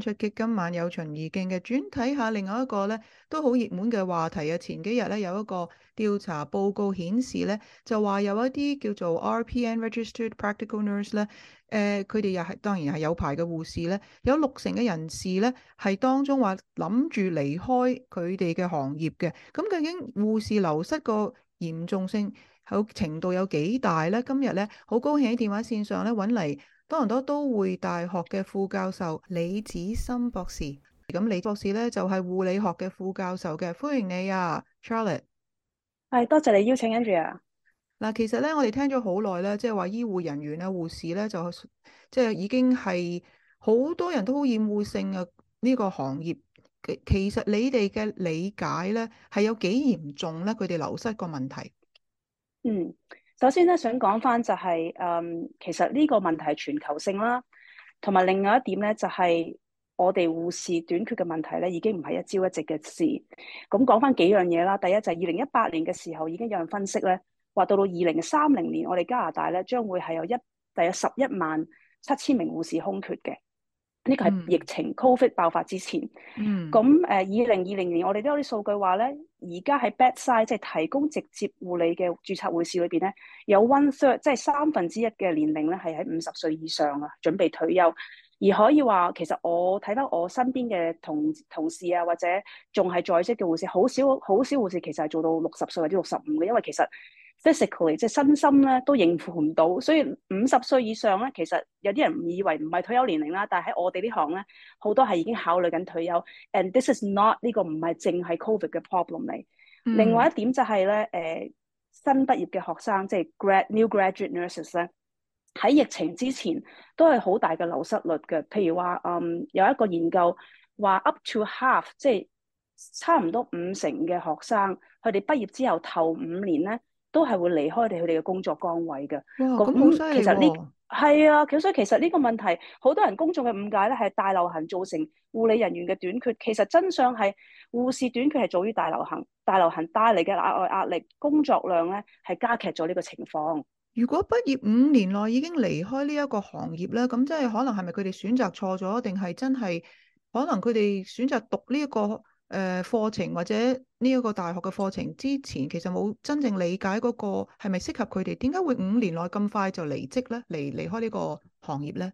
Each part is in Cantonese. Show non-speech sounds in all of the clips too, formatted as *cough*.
出擊，今晚有巡預勁嘅，轉睇下另外一個咧都好熱門嘅話題啊！前幾日咧有一個調查報告顯示咧，就話有一啲叫做 RPN Registered Practical Nurse 咧，誒佢哋又係當然係有牌嘅護士咧，有六成嘅人士咧係當中話諗住離開佢哋嘅行業嘅。咁究竟護士流失個嚴重性，有程度有幾大咧？今日咧好高興喺電話線上咧揾嚟。多倫多都會大學嘅副教授李子森博士，咁李博士咧就係、是、護理學嘅副教授嘅。歡迎你啊，Charlotte。係，多謝你邀請，跟住啊。嗱，其實咧我哋聽咗好耐咧，即係話醫護人員咧、護士咧就即係已經係好多人都好厭惡性啊呢個行業。其實你哋嘅理解咧係有幾嚴重咧？佢哋流失個問題。嗯。首先咧，想講翻就係，嗯，其實呢個問題係全球性啦，同埋另外一點咧，就係我哋護士短缺嘅問題咧，已經唔係一朝一夕嘅事。咁講翻幾樣嘢啦，第一就係二零一八年嘅時候，已經有人分析咧，話到到二零三零年，我哋加拿大咧將會係有一大約十一萬七千名護士空缺嘅。呢個係疫情 *noise* Covid 爆發之前，咁誒二零二零年我哋都有啲數據話咧，而家喺 bedside，即係提供直接護理嘅註冊護士裏邊咧，有 one third 即係三分之一嘅年齡咧，係喺五十歲以上啊，準備退休。而可以話其實我睇翻我身邊嘅同同事啊，或者仲係在職嘅護士，好少好少護士其實係做到六十歲或者六十五嘅，因為其實。Physically，即係身心咧都應付唔到，所以五十歲以上咧，其實有啲人唔以為唔係退休年齡啦。但係喺我哋呢行咧，好多係已經考慮緊退休。And this is not 呢個唔係淨係 COVID 嘅 problem 嚟。嗯、另外一點就係咧，誒、呃、新畢業嘅學生即係、就是、grad new graduate nurses 咧，喺疫情之前都係好大嘅流失率嘅。譬如話，嗯，有一個研究話 up to half，即係差唔多五成嘅學生，佢哋畢業之後頭五年咧。都係會離開哋佢哋嘅工作崗位嘅。咁，啊、其實呢係啊，其實所以其實呢個問題，好多人公眾嘅誤解咧，係大流行造成護理人員嘅短缺。其實真相係護士短缺係早於大流行，大流行帶嚟嘅額外壓力、工作量咧，係加劇咗呢個情況。如果畢業五年內已經離開呢一個行業咧，咁即係可能係咪佢哋選擇錯咗，定係真係可能佢哋選擇讀呢、呢、一個？誒，課程，呃，或者呢一個大學嘅課程之前，其實冇真正理解嗰個係咪適合佢哋，點解會五年內咁快就離職咧？離離開呢個行業咧？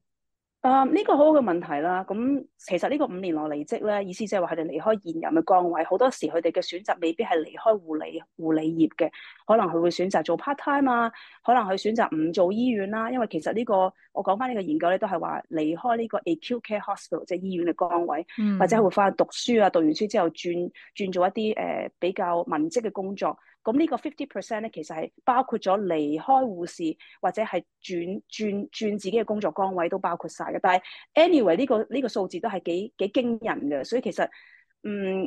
啊，呢、um, 個好好嘅問題啦。咁、嗯、其實呢個五年內離職咧，意思即係話佢哋離開現任嘅崗位，好多時佢哋嘅選擇未必係離開護理護理業嘅，可能佢會選擇做 part time 啊，可能佢選擇唔做醫院啦、啊。因為其實呢、這個我講翻呢個研究咧，都係話離開呢個 acute care hospital 即係醫院嘅崗位，嗯、或者會翻去讀書啊，讀完書之後轉轉做一啲誒、呃、比較文職嘅工作。咁呢個 fifty percent 咧，其實係包括咗離開護士或者係轉轉轉自己嘅工作崗位都包括晒嘅。但係 anyway 呢個呢個數字都係幾幾驚人嘅，所以其實嗯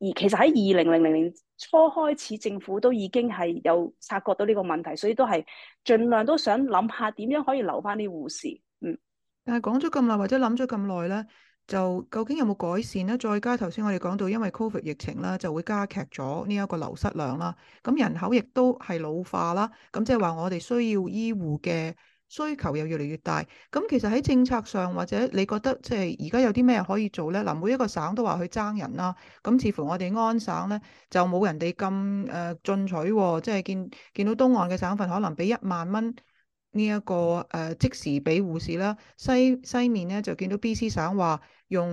而其實喺二零零零年初開始，政府都已經係有察覺到呢個問題，所以都係盡量都想諗下點樣可以留翻啲護士。嗯，但係講咗咁耐或者諗咗咁耐咧。就究竟有冇改善咧？再加頭先我哋講到，因為 Covid 疫情啦，就會加劇咗呢一個流失量啦。咁人口亦都係老化啦。咁即係話我哋需要醫護嘅需求又越嚟越大。咁其實喺政策上或者你覺得即係而家有啲咩可以做咧？嗱，每一個省都話去爭人啦。咁似乎我哋安省咧就冇人哋咁誒進取，即係見見到東岸嘅省份可能俾一萬蚊。呢一、這個誒、呃、即時俾護士啦，西西面咧就見到 B.C 省話用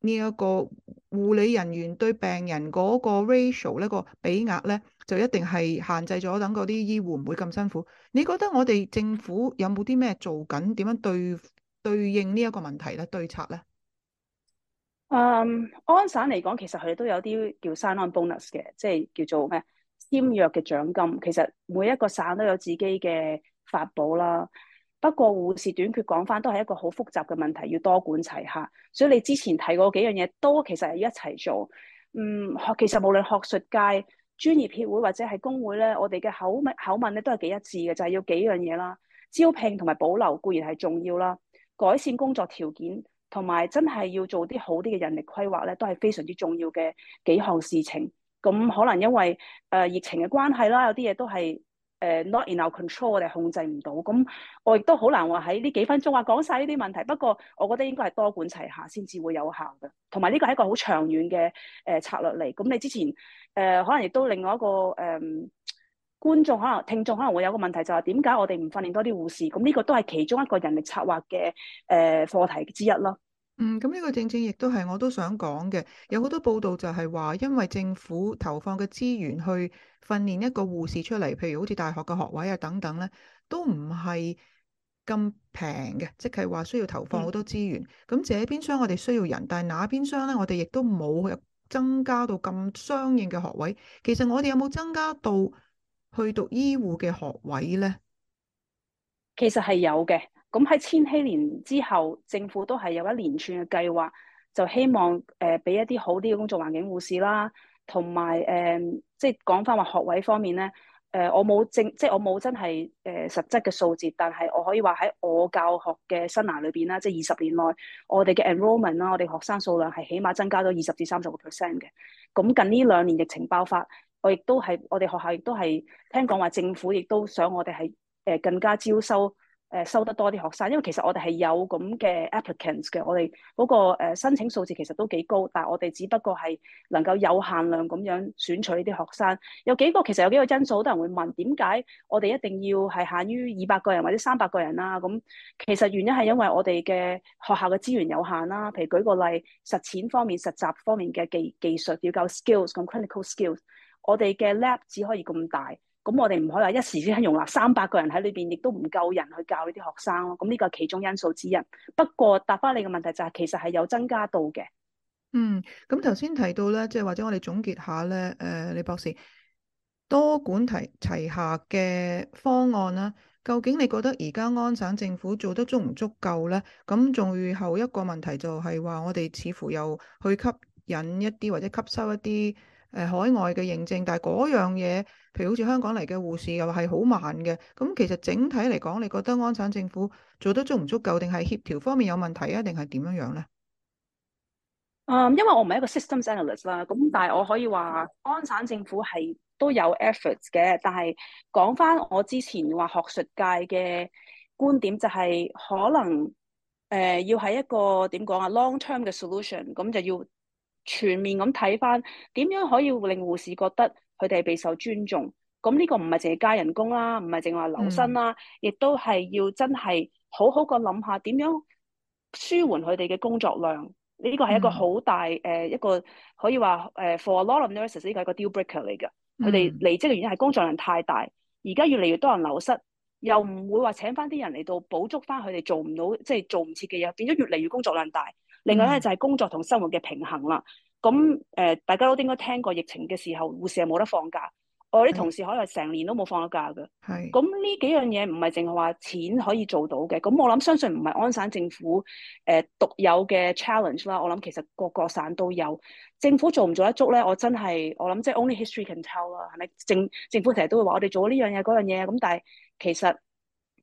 呢一個護理人員對病人嗰個 ratio 呢個比額咧，就一定係限制咗，等嗰啲醫護唔會咁辛苦。你覺得我哋政府有冇啲咩做緊，點樣對對應呢一個問題咧？對策咧？嗯，um, 安省嚟講，其實佢哋都有啲叫 sign on bonus 嘅，即係叫做咩簽約嘅獎金。其實每一個省都有自己嘅法寶啦，不過護士短缺，講翻都係一個好複雜嘅問題，要多管齊下。所以你之前提過幾樣嘢，都其實係一齊做。嗯，學其實無論學術界、專業協會或者係工會咧，我哋嘅口，口問口問咧都係幾一致嘅，就係、是、要幾樣嘢啦：招聘同埋保留固然係重要啦，改善工作條件同埋真係要做啲好啲嘅人力規劃咧，都係非常之重要嘅幾項事情。咁可能因為誒、呃、疫情嘅關係啦，有啲嘢都係。誒、uh, not in our control，我哋控制唔到，咁我亦都好難話喺呢幾分鐘話講晒呢啲問題。不過我覺得應該係多管齊下先至會有效嘅，同埋呢個係一個好長遠嘅誒策略嚟。咁你之前誒、呃、可能亦都另外一個誒、呃、觀眾可能聽眾可能會有個問題，就係點解我哋唔訓練多啲護士？咁呢個都係其中一個人力策劃嘅誒課題之一咯。嗯，咁、這、呢個正正亦都係我都想講嘅，有好多報道就係話，因為政府投放嘅資源去訓練一個護士出嚟，譬如好似大學嘅學位啊等等咧，都唔係咁平嘅，即係話需要投放好多資源。咁、嗯、這邊廂我哋需要人，但係那邊廂咧，我哋亦都冇增加到咁相應嘅學位。其實我哋有冇增加到去讀醫護嘅學位呢？其實係有嘅。咁喺千禧年之後，政府都係有一連串嘅計劃，就希望誒俾、呃、一啲好啲嘅工作環境護士啦，同埋誒即係講返話學位方面咧，誒、呃、我冇政即係我冇真係誒、呃、實質嘅數字，但係我可以話喺我教學嘅生涯裏邊啦，即係二十年內，我哋嘅 enrollment 啦，我哋學生數量係起碼增加咗二十至三十個 percent 嘅。咁近呢兩年疫情爆發，我亦都係我哋學校亦都係聽講話政府亦都想我哋係誒更加招收。誒收得多啲學生，因為其實我哋係有咁嘅 applicants 嘅，我哋嗰個誒申請數字其實都幾高，但係我哋只不過係能夠有限量咁樣選取呢啲學生。有幾個其實有幾個因素，好多人會問點解我哋一定要係限於二百個人或者三百個人啦？咁其實原因係因為我哋嘅學校嘅資源有限啦。譬如舉個例，實踐方面、實習方面嘅技技術要夠 skills 咁 clinical skills，我哋嘅 lab 只可以咁大。咁我哋唔可以話一時先容納三百個人喺裏邊，亦都唔夠人去教呢啲學生咯。咁呢個係其中因素之一。不過答翻你嘅問題就係，其實係有增加到嘅。嗯，咁頭先提到咧，即係或者我哋總結下咧，誒、呃、李博士多管齊下嘅方案啦。究竟你覺得而家安省政府做得足唔足夠咧？咁仲有後一個問題就係話，我哋似乎又去吸引一啲或者吸收一啲。誒海外嘅認證，但係嗰樣嘢，譬如好似香港嚟嘅護士又係好慢嘅，咁其實整體嚟講，你覺得安省政府做得足唔足夠，定係協調方面有問題啊，定係點樣樣咧？誒、嗯，因為我唔係一個 systems analyst 啦，咁但係我可以話安省政府係都有 efforts 嘅，但係講翻我之前話學術界嘅觀點，就係可能誒、呃、要喺一個點講啊 long-term 嘅 solution，咁就要。全面咁睇翻，點樣可以令護士覺得佢哋備受尊重？咁呢個唔係淨係加人工啦，唔係淨係話留薪啦，亦都係要真係好好咁諗下點樣舒緩佢哋嘅工作量。呢個係一個好大誒、嗯呃、一個可以話誒、呃、for a lot of nurses 呢個係一個 deal breaker 嚟嘅。佢哋、嗯、離職嘅原因係工作量太大，而家越嚟越多人流失，嗯、又唔會話請翻啲人嚟到補足翻佢哋做唔到，即、就、係、是、做唔切嘅嘢，變咗越嚟越工作量大。另外咧就係、是、工作同生活嘅平衡啦。咁、嗯、誒、呃，大家都應該聽過疫情嘅時候，護士係冇得放假。我啲同事可能成年都冇放得假嘅。係是。咁呢幾樣嘢唔係淨係話錢可以做到嘅。咁我諗相信唔係安省政府誒、呃、獨有嘅 challenge 啦。我諗其實各個省都有，政府做唔做得足咧？我真係我諗即係 only history can tell 啦，係咪？政政府成日都會話我哋做咗呢樣嘢嗰樣嘢，咁但係其實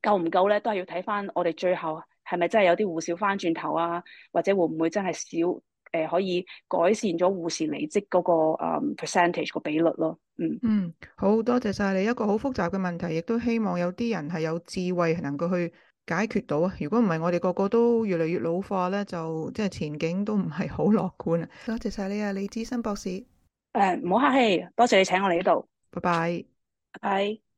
夠唔夠咧，都係要睇翻我哋最後。係咪真係有啲護士翻轉頭啊？或者會唔會真係少誒、呃、可以改善咗護士離職嗰、那個、呃、percentage 個比率咯？嗯嗯，好多謝晒你。一個好複雜嘅問題，亦都希望有啲人係有智慧能夠去解決到啊！如果唔係，我哋個個都越嚟越老化咧，就即係前景都唔係好樂觀啊！多謝晒你啊，李志新博士。誒、呃，唔好客氣，多謝你請我嚟呢度。拜拜。拜，拜。